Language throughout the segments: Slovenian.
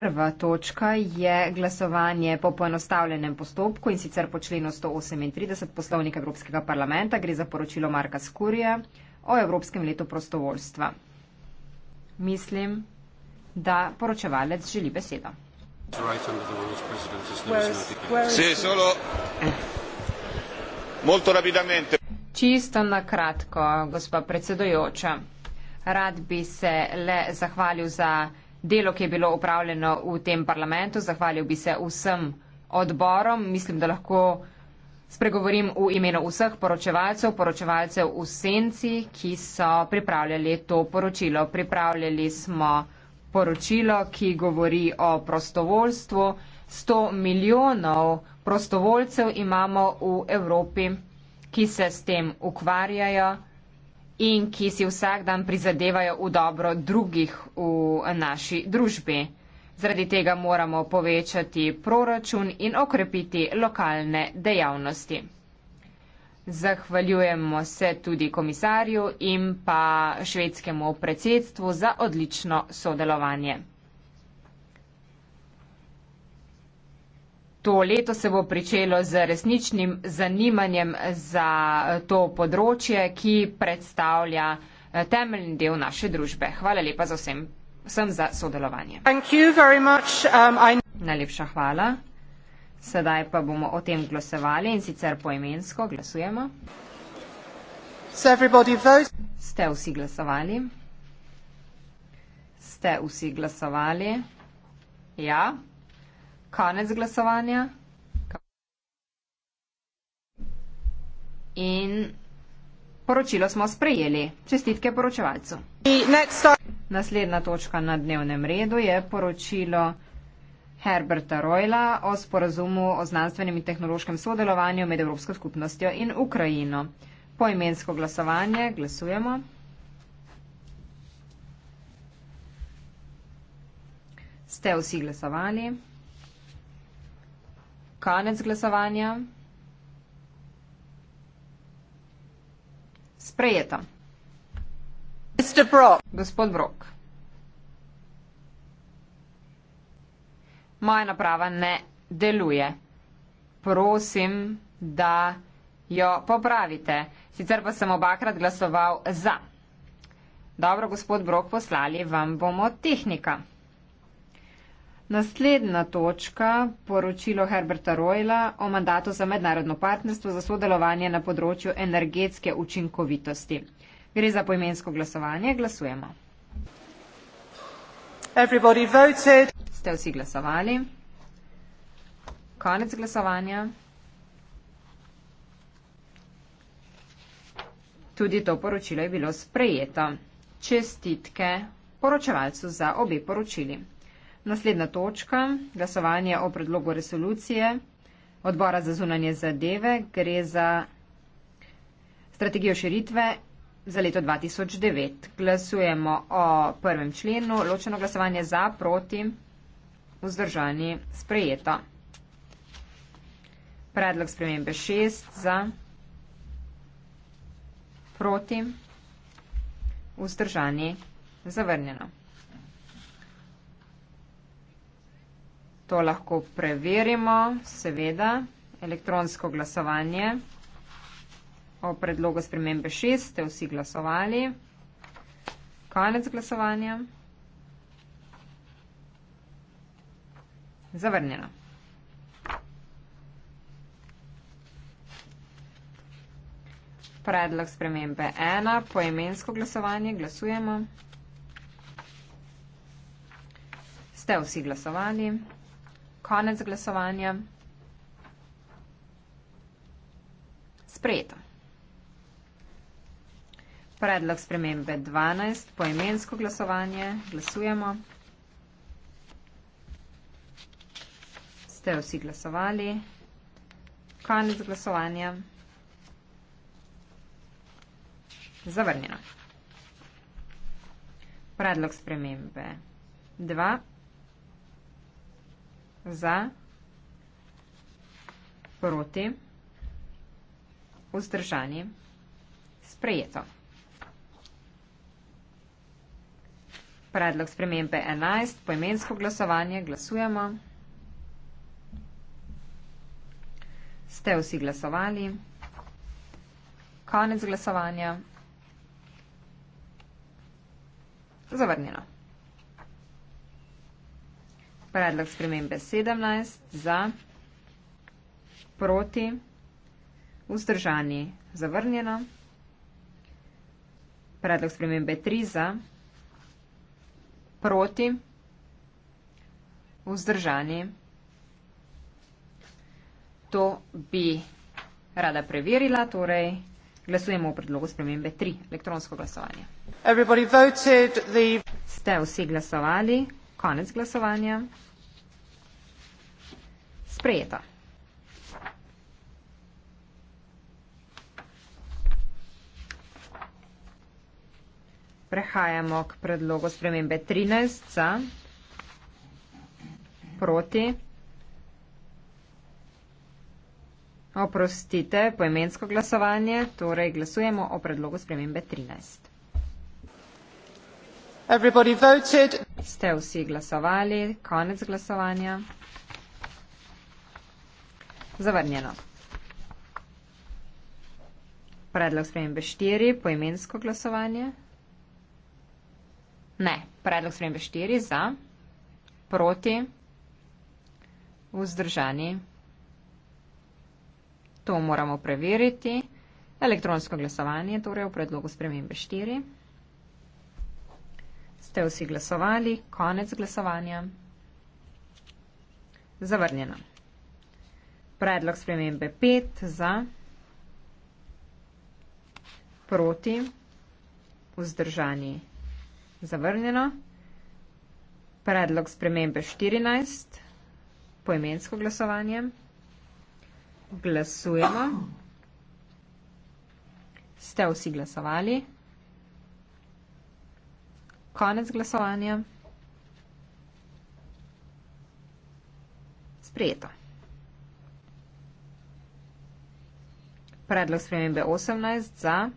Prva točka je glasovanje po poenostavljenem postopku in sicer po členu 138 poslovnika Evropskega parlamenta. Gre za poročilo Marka Skurija o Evropskem letu prostovoljstva. Mislim, da poročevalec želi besedo. Čisto na kratko, gospa predsedojoča. Rad bi se le zahvalil za delo, ki je bilo upravljeno v tem parlamentu. Zahvalil bi se vsem odborom. Mislim, da lahko spregovorim v imenu vseh poročevalcev, poročevalcev v senci, ki so pripravljali to poročilo. Pripravljali smo poročilo, ki govori o prostovoljstvu. 100 milijonov prostovoljcev imamo v Evropi, ki se s tem ukvarjajo in ki si vsak dan prizadevajo v dobro drugih v naši družbi. Zaradi tega moramo povečati proračun in okrepiti lokalne dejavnosti. Zahvaljujemo se tudi komisarju in pa švedskemu predsedstvu za odlično sodelovanje. To leto se bo pričelo z resničnim zanimanjem za eh, to področje, ki predstavlja eh, temeljni del naše družbe. Hvala lepa za vsem, vsem za sodelovanje. Much, um, I... Najlepša hvala. Sedaj pa bomo o tem glasovali in sicer poimensko glasujemo. Ste vsi glasovali? Ste vsi glasovali? Ja, konec glasovanja. In poročilo smo sprejeli. Čestitke poročevalcu. Naslednja točka na dnevnem redu je poročilo Herberta Rojla o sporazumu o znanstvenem in tehnološkem sodelovanju med Evropsko skupnostjo in Ukrajino. Poimensko glasovanje glasujemo. Ste vsi glasovali? konec glasovanja. Sprejeto. Mr. Brock. Gospod Brok. Moja naprava ne deluje. Prosim, da jo popravite. Sicer pa sem obakrat glasoval za. Dobro, gospod Brok, poslali vam bomo tehnika. Naslednja točka, poročilo Herberta Rojla o mandatu za mednarodno partnerstvo za sodelovanje na področju energetske učinkovitosti. Gre za poimensko glasovanje, glasujemo. Ste vsi glasovali? Konec glasovanja. Tudi to poročilo je bilo sprejeto. Čestitke poročevalcu za obe poročili. Naslednja točka, glasovanje o predlogu resolucije odbora za zunanje zadeve, gre za strategijo širitve za leto 2009. Glasujemo o prvem členu, ločeno glasovanje za, proti, vzdržani, sprejeto. Predlog spremembe 6 za, proti, vzdržani, zavrnjeno. to lahko preverimo, seveda, elektronsko glasovanje o predlogu spremembe 6, ste vsi glasovali. Konec glasovanja. Zavrnjeno. Predlog spremembe 1, poemensko glasovanje, glasujemo. Ste vsi glasovali konec glasovanja. Sprejeto. Predlog spremembe 12, poimensko glasovanje, glasujemo. Ste vsi glasovali? Konec glasovanja. Zavrnjeno. Predlog spremembe 2 za, proti, vzdržani, sprejeto. Predlog spremembe 11, poimensko glasovanje, glasujemo. Ste vsi glasovali? Konec glasovanja. Zavrnjeno. Predlog spremembe 17 za, proti, vzdržani, zavrnjeno. Predlog spremembe 3 za, proti, vzdržani. To bi rada preverila, torej glasujemo v predlogu spremembe 3, elektronsko glasovanje. Ste vsi glasovali? Konec glasovanja. Sprejeto. Prehajamo k predlogu spremembe 13. Za, proti. Oprostite, poimensko glasovanje, torej glasujemo o predlogu spremembe 13 ste vsi glasovali konec glasovanja zavrnjeno predlog spremembe štiri poimensko glasovanje ne predlog spremembe štiri za proti vzdržani to moramo preveriti elektronsko glasovanje torej o predlogu spremembe štiri Ste vsi glasovali? Konec glasovanja. Zavrnjeno. Predlog spremembe 5 za, proti, vzdržani. Zavrnjeno. Predlog spremembe 14, poimensko glasovanje. Glasujemo. Ste vsi glasovali? Konec glasovanja. Sprejeto. Predlog spremembe 18 za,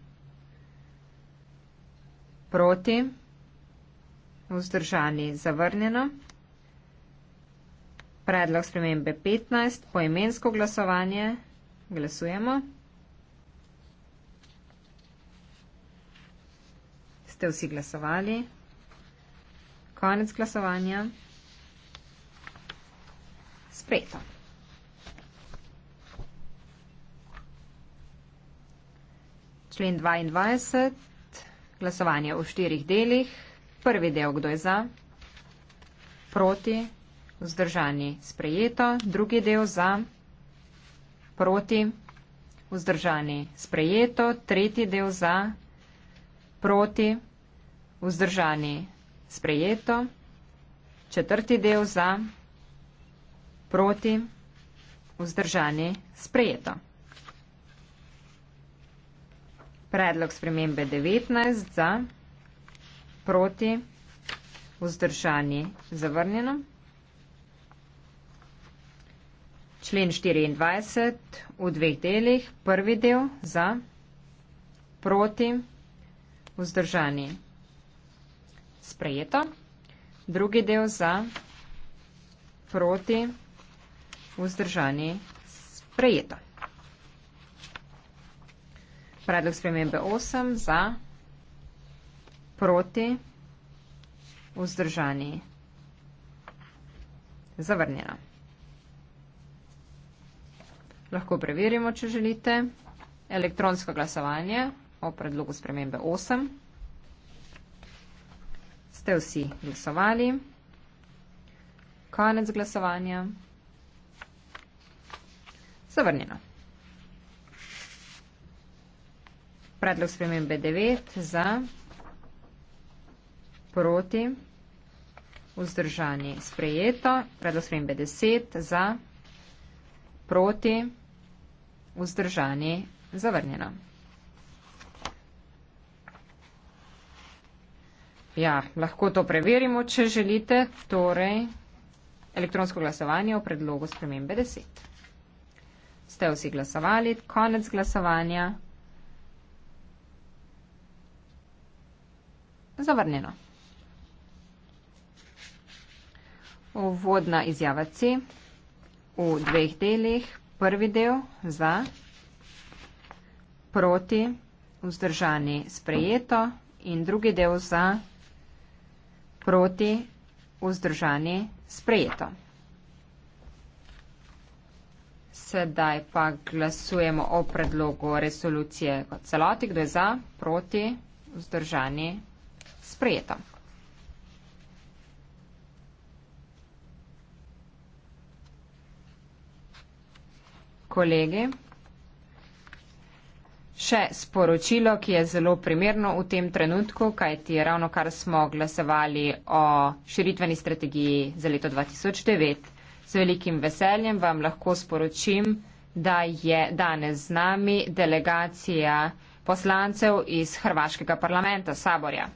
proti, vzdržani, zavrnjeno. Predlog spremembe 15, poimensko glasovanje, glasujemo. Ste vsi glasovali? Konec glasovanja. Sprejeto. Člen 22. Glasovanje v štirih delih. Prvi del, kdo je za, proti, vzdržani, sprejeto. Drugi del za, proti, vzdržani, sprejeto. Tretji del za, proti, vzdržani, sprejeto sprejeto, četrti del za, proti, vzdržani, sprejeto. Predlog spremembe 19 za, proti, vzdržani, zavrnjeno. Člen 24 v dveh delih, prvi del za, proti, vzdržani, zavrnjeno sprejeto. Drugi del za proti vzdržani sprejeto. Predlog spremembe 8 za proti vzdržani zavrnjeno. Lahko preverimo, če želite. Elektronsko glasovanje o predlogu spremembe 8 ste vsi glasovali. Konec glasovanja. Zavrnjeno. Predlog spremembe 9 za proti vzdržanje sprejeto. Predlog spremembe 10 za proti vzdržanje zavrnjeno. Ja, lahko to preverimo, če želite. Torej, elektronsko glasovanje o predlogu spremembe 10. Ste vsi glasovali, konec glasovanja. Zavrnjeno. Uvodna izjava C v dveh delih. Prvi del za, proti, vzdržani sprejeto in drugi del za proti vzdržanje sprejeto. Sedaj pa glasujemo o predlogu resolucije kot celoti, kdo je za, proti vzdržanje sprejeto. Kolegi, še sporočilo, ki je zelo primerno v tem trenutku, kajti ravno kar smo glasovali o širitveni strategiji za leto 2009. Z velikim veseljem vam lahko sporočim, da je danes z nami delegacija poslancev iz Hrvaškega parlamenta Saborja.